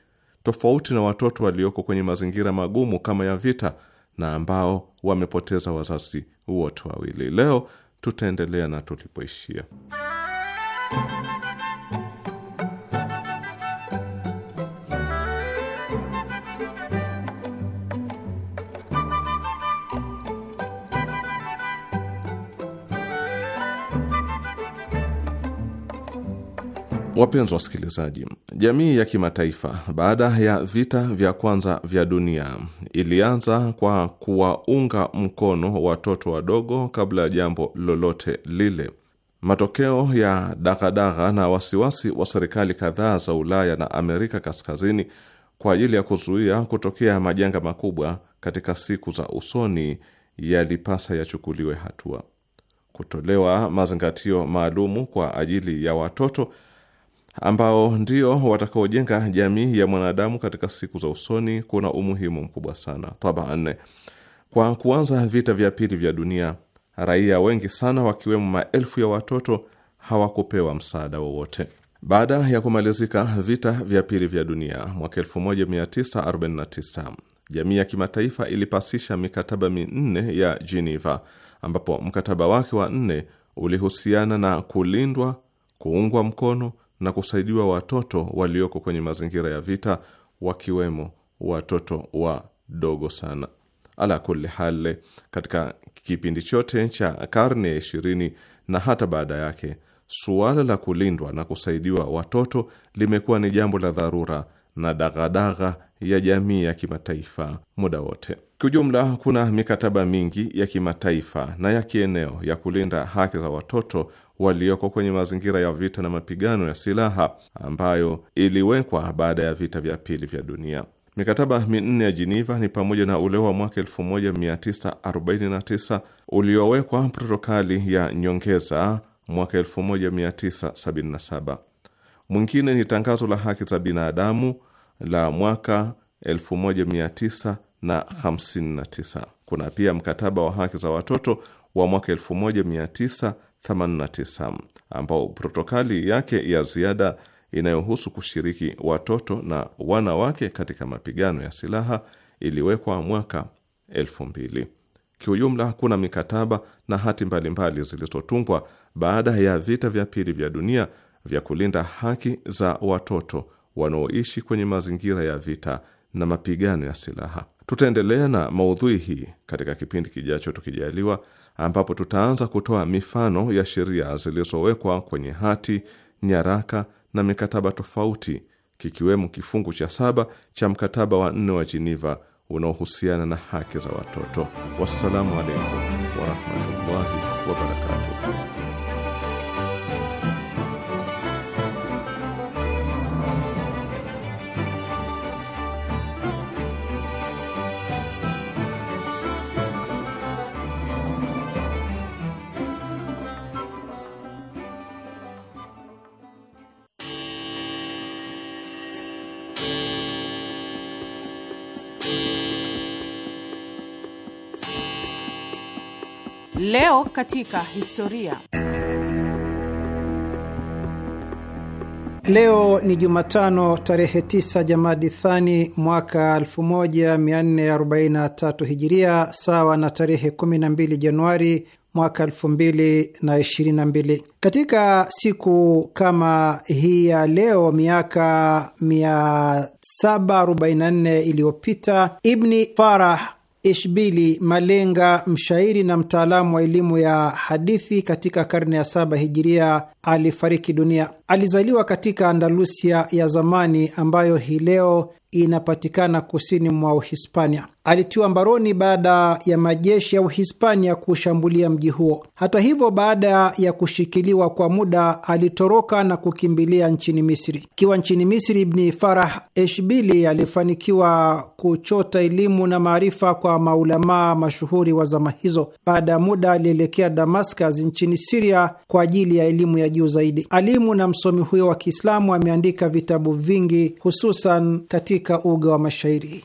tofauti na watoto walioko kwenye mazingira magumu kama ya vita na ambao wamepoteza wazazi wote wawili. Leo tutaendelea na tulipoishia. Wapenzi wasikilizaji, jamii ya kimataifa baada ya vita vya kwanza vya dunia ilianza kwa kuwaunga mkono watoto wadogo kabla ya jambo lolote lile. Matokeo ya dagadaga na wasiwasi wa serikali kadhaa za Ulaya na Amerika Kaskazini kwa ajili ya kuzuia kutokea majanga makubwa katika siku za usoni yalipasa yachukuliwe hatua. Kutolewa mazingatio maalumu kwa ajili ya watoto ambao ndio watakaojenga jamii ya mwanadamu katika siku za usoni kuna umuhimu mkubwa sana Taban, Kwa kuanza vita vya pili vya dunia, raia wengi sana wakiwemo maelfu ya watoto hawakupewa msaada wowote. Baada ya kumalizika vita vya pili vya dunia mwaka 1949 jamii ya kimataifa ilipasisha mikataba minne ya Geneva, ambapo mkataba wake wa nne ulihusiana na kulindwa, kuungwa mkono na kusaidiwa watoto walioko kwenye mazingira ya vita, wakiwemo watoto wadogo sana. Ala kulli hal, katika kipindi chote cha karne ya ishirini na hata baada yake, suala la kulindwa na kusaidiwa watoto limekuwa ni jambo la dharura na daghadagha ya jamii ya kimataifa muda wote. Kiujumla, kuna mikataba mingi ya kimataifa na ya kieneo ya kulinda haki za watoto walioko kwenye mazingira ya vita na mapigano ya silaha ambayo iliwekwa baada ya vita vya pili vya dunia. Mikataba minne ya Jiniva ni pamoja na ule wa mwaka 1949 uliowekwa protokali ya nyongeza mwaka 1977. Mwingine ni tangazo la haki za binadamu la mwaka 1959. Kuna pia mkataba wa haki za watoto wa mwaka 19 89 ambao protokali yake ya ziada inayohusu kushiriki watoto na wanawake katika mapigano ya silaha iliwekwa mwaka 2000. Kiujumla, kuna mikataba na hati mbalimbali zilizotungwa baada ya vita vya pili vya dunia vya kulinda haki za watoto wanaoishi kwenye mazingira ya vita na mapigano ya silaha. Tutaendelea na maudhui hii katika kipindi kijacho tukijaliwa, ambapo tutaanza kutoa mifano ya sheria zilizowekwa kwenye hati, nyaraka na mikataba tofauti, kikiwemo kifungu cha saba cha mkataba wa nne wa jiniva unaohusiana na haki za watoto. Wassalamu alaikum warahmatullahi wabarakatuh.
katika historia.
Leo ni Jumatano tarehe 9 Jamadi Thani mwaka 1443 Hijiria, sawa na tarehe 12 Januari mwaka 2022. Katika siku kama hii ya leo miaka 744 iliyopita Ibni Farah Ishbili Malenga, mshairi na mtaalamu wa elimu ya hadithi katika karne ya saba hijiria, alifariki dunia. Alizaliwa katika Andalusia ya zamani ambayo hii leo inapatikana kusini mwa Uhispania. Alitiwa mbaroni baada ya majeshi ya Uhispania kushambulia mji huo. Hata hivyo, baada ya kushikiliwa kwa muda, alitoroka na kukimbilia nchini Misri. Akiwa nchini Misri, Ibni Farah Eshbili alifanikiwa kuchota elimu na maarifa kwa maulamaa mashuhuri wa zama hizo. Baada ya muda, alielekea Damascus nchini Siria kwa ajili ya elimu ya juu zaidi. Alimu na msomi huyo wa Kiislamu ameandika vitabu vingi, hususan katika uga wa mashairi.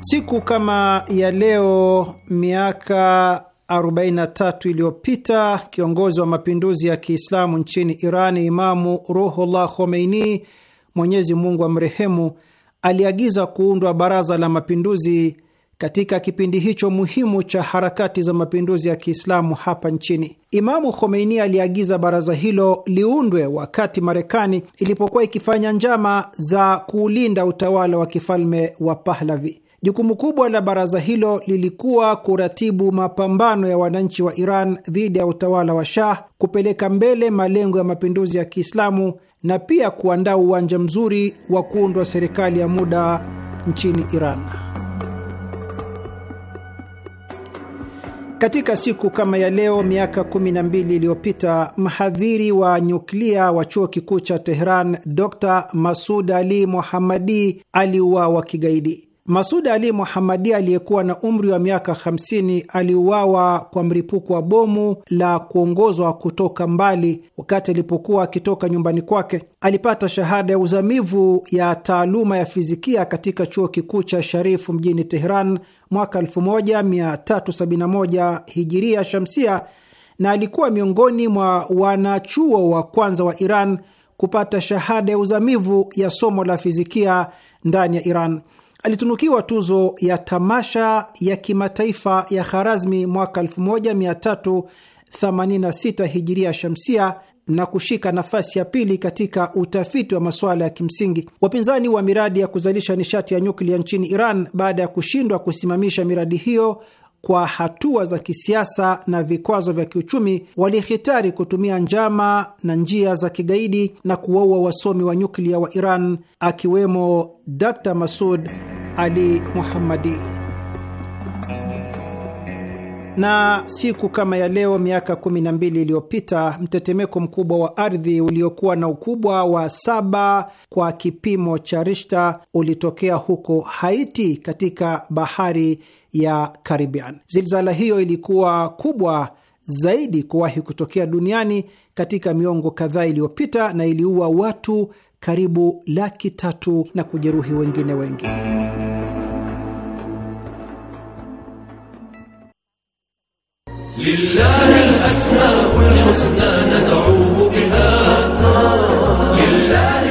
Siku kama ya leo miaka 43 iliyopita kiongozi wa mapinduzi ya Kiislamu nchini Irani, Imamu Ruhullah Khomeini, Mwenyezi Mungu amrehemu, aliagiza kuundwa baraza la mapinduzi katika kipindi hicho muhimu cha harakati za mapinduzi ya Kiislamu hapa nchini. Imamu Khomeini aliagiza baraza hilo liundwe wakati Marekani ilipokuwa ikifanya njama za kuulinda utawala wa kifalme wa Pahlavi. Jukumu kubwa la baraza hilo lilikuwa kuratibu mapambano ya wananchi wa Iran dhidi ya utawala wa Shah, kupeleka mbele malengo ya mapinduzi ya Kiislamu na pia kuandaa uwanja mzuri wa kuundwa serikali ya muda nchini Iran. Katika siku kama ya leo miaka 12 iliyopita mhadhiri wa nyuklia wa chuo kikuu cha Tehran Dr Masud Ali Mohammadi aliuawa kigaidi. Masud Ali Muhammadi aliyekuwa na umri wa miaka 50 aliuawa kwa mlipuko wa bomu la kuongozwa kutoka mbali wakati alipokuwa akitoka nyumbani kwake. Alipata shahada ya uzamivu ya taaluma ya fizikia katika chuo kikuu cha Sharifu mjini Tehran mwaka 1371 hijiria shamsia, na alikuwa miongoni mwa wanachuo wa kwanza wa Iran kupata shahada ya uzamivu ya somo la fizikia ndani ya Iran. Alitunukiwa tuzo ya tamasha ya kimataifa ya Kharazmi mwaka 1386 hijiria shamsia na kushika nafasi ya pili katika utafiti wa masuala ya kimsingi. Wapinzani wa miradi ya kuzalisha nishati ya nyuklia nchini Iran, baada ya kushindwa kusimamisha miradi hiyo, kwa hatua za kisiasa na vikwazo vya kiuchumi, walihitari kutumia njama na njia za kigaidi na kuwaua wasomi wa nyuklia wa Iran akiwemo Dr Masud Ali Muhammadi. Na siku kama ya leo miaka 12 iliyopita mtetemeko mkubwa wa ardhi uliokuwa na ukubwa wa saba kwa kipimo cha Rishta ulitokea huko Haiti katika bahari ya Karibian. Zilzala hiyo ilikuwa kubwa zaidi kuwahi kutokea duniani katika miongo kadhaa iliyopita na iliua watu karibu laki tatu na kujeruhi wengine wengi.
لله الأسماء الحسنى ندعوه بها لله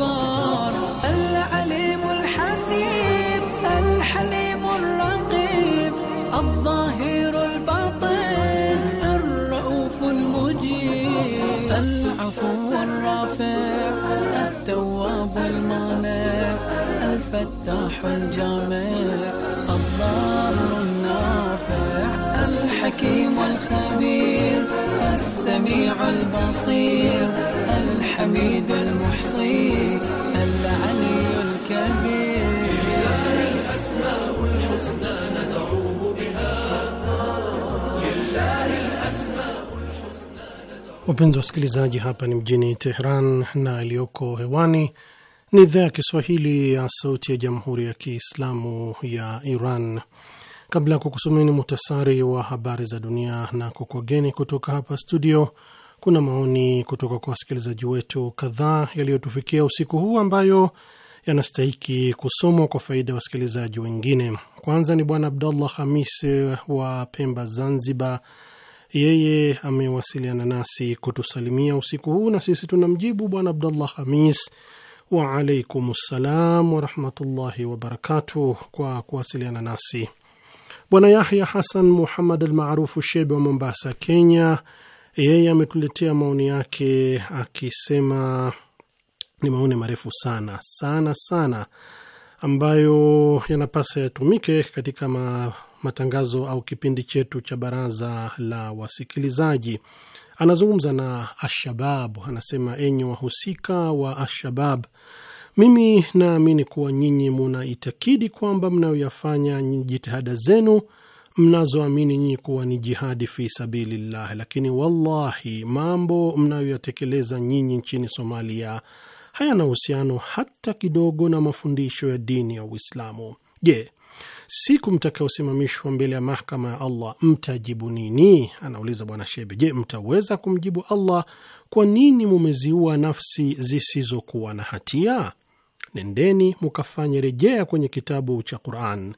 الجبار العليم الحسيب الحليم الرقيب الظاهر
الباطن الرؤوف المجيب العفو الرافع التواب المانع الفتاح الجامع الضار النافع الحكيم الخبير السميع البصير الحميد المحصي العلي الكبير الأسماء الحسنى ندعوه بها لله الأسماء
Wapenzi wasikilizaji, hapa ni mjini Tehran na iliyoko hewani ni idhaa ya Kiswahili ya Sauti ya Jamhuri ya Kiislamu ya Iran. Kabla ya kukusomeni muhtasari wa habari za dunia na kukwageni kutoka hapa studio kuna maoni kutoka kwa wasikilizaji wetu kadhaa yaliyotufikia usiku huu ambayo yanastahiki kusomwa kwa faida ya wasikilizaji wengine. Kwanza ni Bwana abdullah Hamis eh, wa Pemba, Zanzibar. Yeye amewasiliana nasi kutusalimia usiku huu, na sisi tunamjibu Bwana abdullah Hamis wa alaikum ssalam warahmatullahi wabarakatu kwa kuwasiliana nasi. Bwana Yahya Hasan Muhammad almarufu Shebe wa Mombasa, Kenya yeye ametuletea maoni yake akisema ni maoni marefu sana sana sana ambayo yanapasa yatumike katika ma, matangazo au kipindi chetu cha baraza la wasikilizaji. Anazungumza na Ashabab, anasema enyi wahusika wa Ashabab, mimi naamini kuwa nyinyi munaitakidi kwamba mnayoyafanya jitihada zenu mnazoamini nyinyi kuwa ni jihadi fi sabilillah, lakini wallahi mambo mnayoyatekeleza nyinyi nchini Somalia hayana uhusiano hata kidogo na mafundisho ya dini ya Uislamu. Je, siku mtakaosimamishwa mbele ya mahakama ya Allah mtajibu nini? Anauliza Bwana Shebe. Je, mtaweza kumjibu Allah, kwa nini mumeziua nafsi zisizokuwa na hatia? Nendeni mukafanye rejea kwenye kitabu cha Quran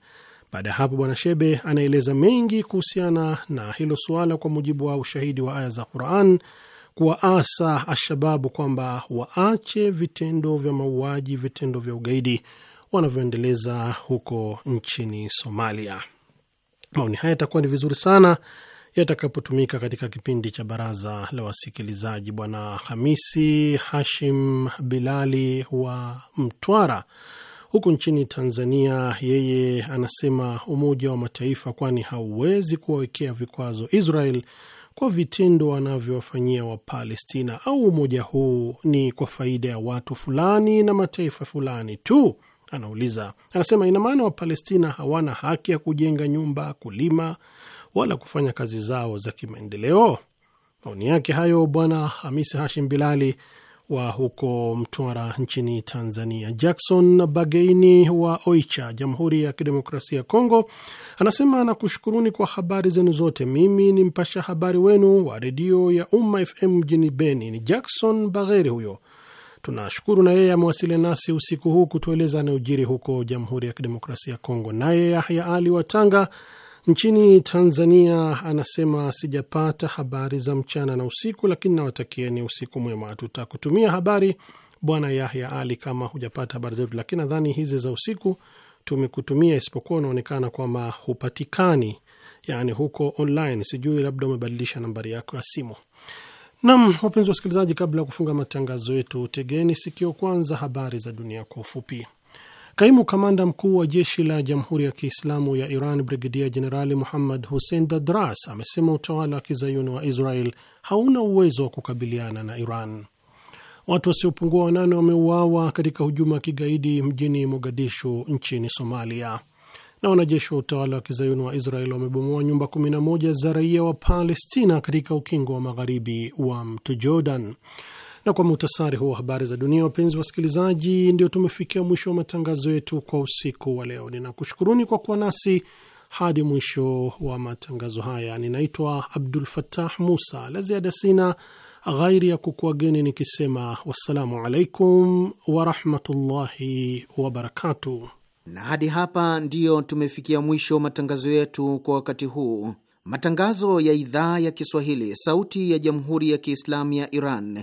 baada ya hapo, Bwana Shebe anaeleza mengi kuhusiana na hilo suala kwa mujibu wa ushahidi wa aya za Quran kuwaasa ashababu kwamba waache vitendo vya mauaji, vitendo vya ugaidi wanavyoendeleza huko nchini Somalia. Maoni haya yatakuwa ni vizuri sana yatakapotumika katika kipindi cha baraza la wasikilizaji. Bwana Hamisi Hashim Bilali wa Mtwara Huku nchini Tanzania, yeye anasema Umoja wa Mataifa kwani hauwezi kuwawekea vikwazo Israel kwa vitendo wanavyowafanyia Wapalestina, au umoja huu ni kwa faida ya watu fulani na mataifa fulani tu? Anauliza, anasema ina maana Wapalestina hawana haki ya kujenga nyumba, kulima wala kufanya kazi zao za kimaendeleo. Maoni yake hayo Bwana Hamisi Hashim Bilali wa huko Mtwara nchini Tanzania. Jackson Bageini wa Oicha, Jamhuri ya Kidemokrasia ya Kongo, anasema nakushukuruni kwa habari zenu zote. Mimi ni mpasha habari wenu wa redio ya Umma FM mjini Beni. Ni Jackson Bagheri huyo. Tunashukuru na yeye amewasiliana nasi usiku huu kutueleza anayojiri huko Jamhuri ya Kidemokrasia ya Kongo. Naye Yahya Ali wa Tanga nchini Tanzania anasema sijapata habari za mchana na usiku, lakini nawatakieni usiku mwema. Tutakutumia habari Bwana Yahya Ali kama hujapata habari zetu, lakini nadhani hizi za usiku tumekutumia, isipokuwa unaonekana kwamba hupatikani, yani huko online. Sijui labda umebadilisha nambari yako ya simu. Nam, wapenzi wa wasikilizaji, kabla ya kufunga matangazo yetu, tegeni sikio kwanza habari za dunia kwa ufupi. Kaimu kamanda mkuu wa jeshi la Jamhuri ya Kiislamu ya Iran Brigedia Jenerali Muhammad Hussein Dadras amesema utawala wa kizayuni wa Israel hauna uwezo wa kukabiliana na Iran. Watu wasiopungua wanane wameuawa katika hujuma ya kigaidi mjini Mogadishu nchini Somalia, na wanajeshi wa utawala wa kizayuni wa Israel wamebomoa nyumba 11 za raia wa Palestina katika ukingo wa magharibi wa mto Jordan. Na kwa muhtasari huu wa habari za dunia, wapenzi wasikilizaji, ndio tumefikia mwisho wa matangazo yetu kwa usiku wa leo. Ninakushukuruni kwa kuwa nasi hadi mwisho wa matangazo haya. Ninaitwa Abdul Fattah Musa. La ziada sina ghairi ya kukuageni nikisema wassalamu alaikum warahmatullahi wabarakatu Na hadi
hapa ndiyo tumefikia mwisho wa matangazo yetu kwa wakati huu. Matangazo ya idhaa ya Kiswahili, sauti ya jamhuri ya Kiislamu ya Iran